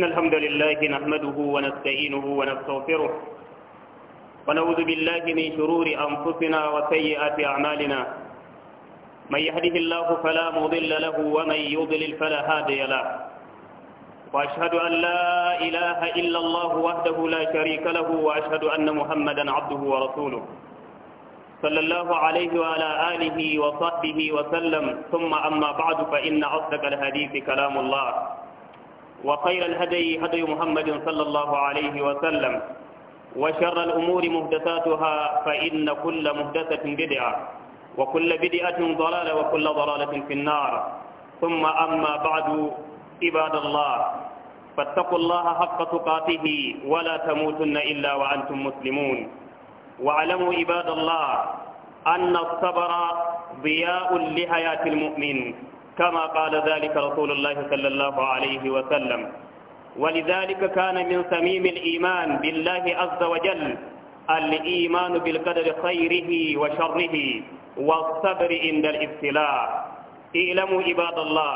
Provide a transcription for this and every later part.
إن الحمد لله نحمده ونستعينه ونستغفره ونعوذ بالله من شرور أنفسنا وسيئات أعمالنا من يهده الله فلا مضل له ومن يضلل فلا هادي له وأشهد أن لا إله إلا الله وحده لا شريك له وأشهد أن محمدا عبده ورسوله صلى الله عليه وعلى آله وصحبه وسلم ثم أما بعد فإن أصدق الحديث كلام الله وخير الهدي هدي محمد صلى الله عليه وسلم وشر الأمور مهدثاتها فإن كل مهدثة بدعة وكل بدعة ضلالة وكل ضلالة في النار ثم أما بعد عباد الله فاتقوا الله حق تقاته ولا تموتن إلا وأنتم مسلمون واعلموا عباد الله أن الصبر ضياء لحياة المؤمن كما قال ذلك رسول الله صلى الله عليه وسلم ولذلك كان من صميم الإيمان بالله عز وجل الإيمان بالقدر خيره وشره والصبر عند الابتلاء اعلموا عباد الله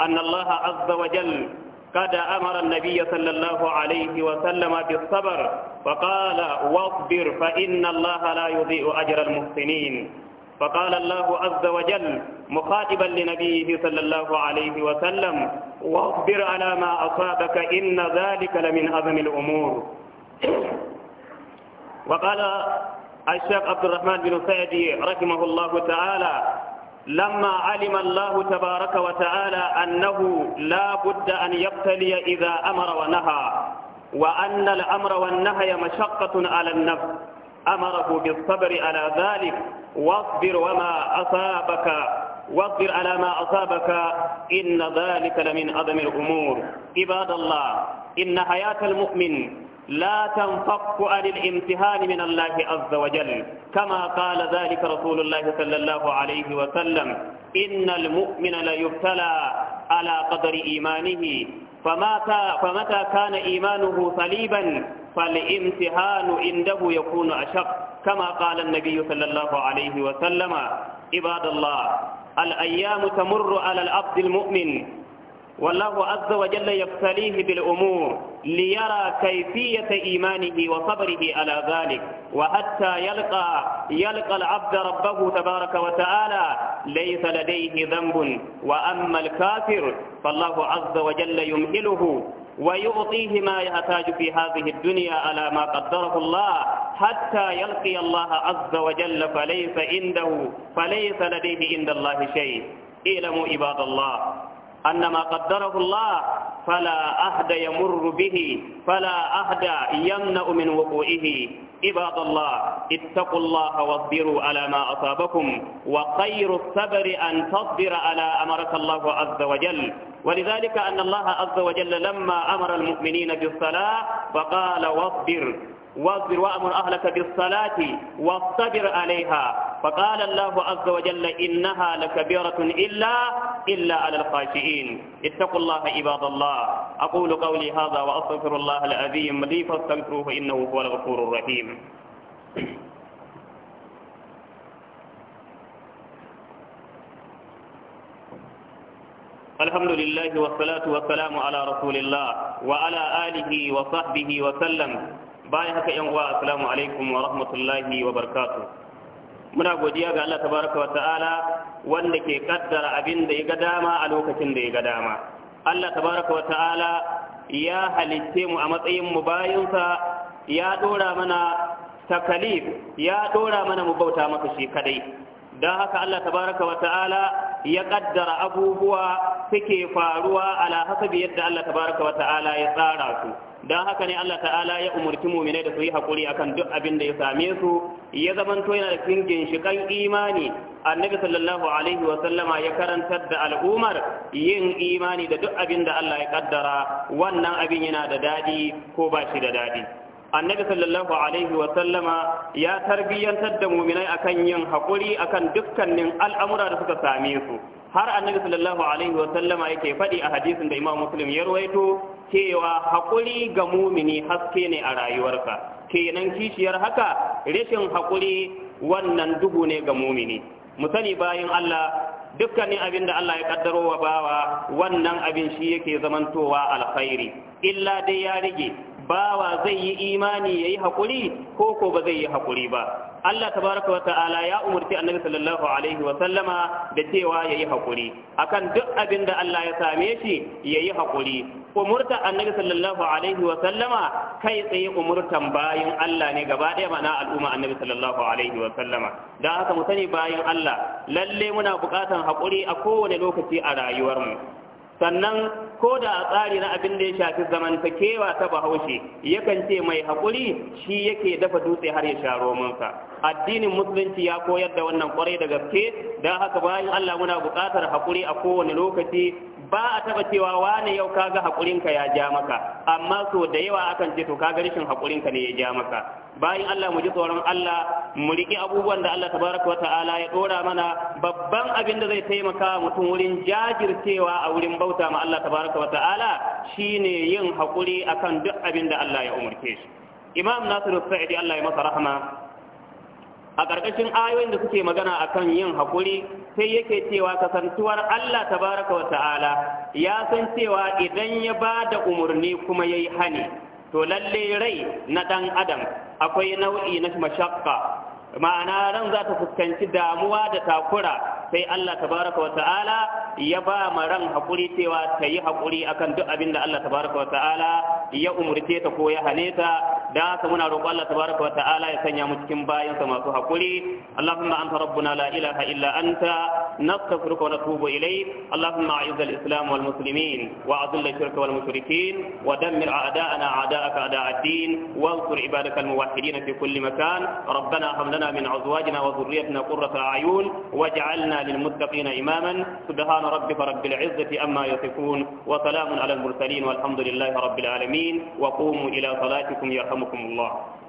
أن الله عز وجل قد أمر النبي صلى الله عليه وسلم بالصبر فقال واصبر فإن الله لا يضيء أجر المحسنين فقال الله عز وجل مخاطبا لنبيه صلى الله عليه وسلم واصبر على ما أصابك إن ذلك لمن أعظم الأمور وقال الشيخ عبد الرحمن بن سعدي رحمه الله تعالى لما علم الله تبارك وتعالى أنه لا بد أن يبتلي إذا أمر ونهى وأن الأمر والنهي مشقة على النفس أمره بالصبر على ذلك واصبر وما أصابك واصبر على ما أصابك إن ذلك لمن أدم الأمور عباد الله إن حياة المؤمن لا تنفق عن الامتحان من الله عز وجل كما قال ذلك رسول الله صلى الله عليه وسلم إن المؤمن ليبتلى على قدر إيمانه فمتى كان إيمانه صليبا فالامتحان عنده يكون أشق كما قال النبي صلى الله عليه وسلم عباد الله الأيام تمر على العبد المؤمن والله عز وجل يبتليه بالأمور ليرى كيفية إيمانه وصبره على ذلك وحتى يلقى يلقى العبد ربه تبارك وتعالى ليس لديه ذنب وأما الكافر فالله عز وجل يمهله ويعطيه ما يحتاج في هذه الدنيا على ما قدره الله حتى يلقي الله عز وجل فليس عنده فليس لديه عند الله شيء اعلموا عباد الله أن ما قدره الله فلا أحد يمر به فلا أحد يمنع من وقوعه عباد الله اتقوا الله واصبروا على ما أصابكم وخير الصبر أن تصبر على أمرك الله عز وجل ولذلك أن الله عز وجل لما أمر المؤمنين بالصلاة فقال واصبر واصبر وأمر أهلك بالصلاة واصبر عليها فقال الله عز وجل إنها لكبيرة إلا إلا على الخاشئين اتقوا الله عباد الله أقول قولي هذا وأستغفر الله العظيم لي فاستغفروه إنه هو الغفور الرحيم الحمد لله والصلاة والسلام على رسول الله وعلى آله وصحبه وسلم بايحك يا السلام عليكم ورحمة الله وبركاته muna godiya ga Allah tabaraka wa ta'ala wanda ke kaddara abin da ya ga dama a lokacin da ya ga dama Allah tabaraka wa ta'ala ya halitte mu a matsayin mu bayinsa ya dora mana takalif ya dora mana mu bauta maka shi kadai don haka Allah tabaraka wa ta'ala ya kaddara abubuwa suke faruwa ala yadda Allah tabaraka ta'ala ya tsara su dan haka ne Allah ta'ala ya umurci mu'minai da su yi hakuri akan duk abin da ya same su ya zamanto yana da cikin ginshikan imani annabi sallallahu alaihi wa sallama ya karantar da al'umar yin imani da duk abin da Allah ya kaddara wannan abin yana da dadi ko ba shi da dadi annabi sallallahu alaihi wa sallama ya tarbiyantar da muminai akan yin hakuri akan dukkanin al'amura da suka same su har annabi sallallahu alaihi wa yake faɗi a hadisin da imam muslim ya rawaito cewa hakuri ga mumini haske ne a rayuwarka. kenan kishiyar haka rashin hakuri wannan duhu ne ga mumini mu sani bayan Allah dukkanin abin da Allah ya kaddaro wa bawa wannan abin shi yake zamantowa alkhairi illa dai ya rige bawa zai yi imani yayi hakuri ko ko ba zai yi hakuri ba Allah tabaraka wa ta'ala ya umurci annabi sallallahu alaihi wa sallama da cewa yayi hakuri akan duk abin da Allah ya same shi yayi hakuri umurta annabi sallallahu alaihi wa sallama kai tsaye umurtan bayan Allah ne gaba ɗaya mana al'umma annabi sallallahu alaihi wa sallama Da haka mu sani bayan Allah lalle muna buƙatan hakuri a kowane lokaci a rayuwarmu sannan ko da a tsari na abin da ya shafi zamantakewa ta bahaushe yakan ce mai haƙuri shi yake dafa dutse har ya sha romansa addinin musulunci ya koyar da wannan kwarai da gaske don haka bayan Allah muna buƙatar haƙuri a kowane lokaci ba a taba cewa wane yau kaga haƙurinka ya ja maka amma so da yawa akan ce to kaga rashin haƙurinka ne ya ja maka bayan Allah mu ji tsoron Allah mu riƙi abubuwan da Allah tabaraka wa ta'ala ya ɗora mana babban abin da zai taimaka mutum wurin jajircewa a wurin bauta ma Allah tabaraka wa ta'ala shine yin haƙuri akan duk abin da Allah ya umarce shi Imam Nasiru Sa'idi Allah ya masa rahama a ƙarƙashin ayoyin da suke magana a kan yin haƙuri sai yake cewa kasantuwar Allah ta baraka wa ta'ala ya san cewa idan ya ba da umarni kuma ya yi hani to lalle rai na ɗan adam akwai nau'i na mashakka ma'ana ran za ta fuskanci damuwa da takura sai Allah tabaraka wa ta'ala ya ba ma ran haƙuri cewa ta yi haƙuri akan duk abin da Allah tabaraka wa ta'ala ya umurce ta ko ya hane ta da haka muna roƙo Allah tabaraka wa ta'ala ya sanya mu cikin bayansa masu haƙuri Allahumma anta rabbuna la ilaha illa anta نستغفرك ونتوب إليك اللهم أعز الإسلام والمسلمين وأذل الشرك والمشركين ودمر أعداءنا أعداءك أعداء الدين وانصر عبادك الموحدين في كل مكان ربنا هب لنا من أزواجنا وذريتنا قرة أعين واجعلنا للمتقين إماما سبحان ربك رب العزة أما يصفون وسلام على المرسلين والحمد لله رب العالمين وقوموا إلى صلاتكم يرحمكم الله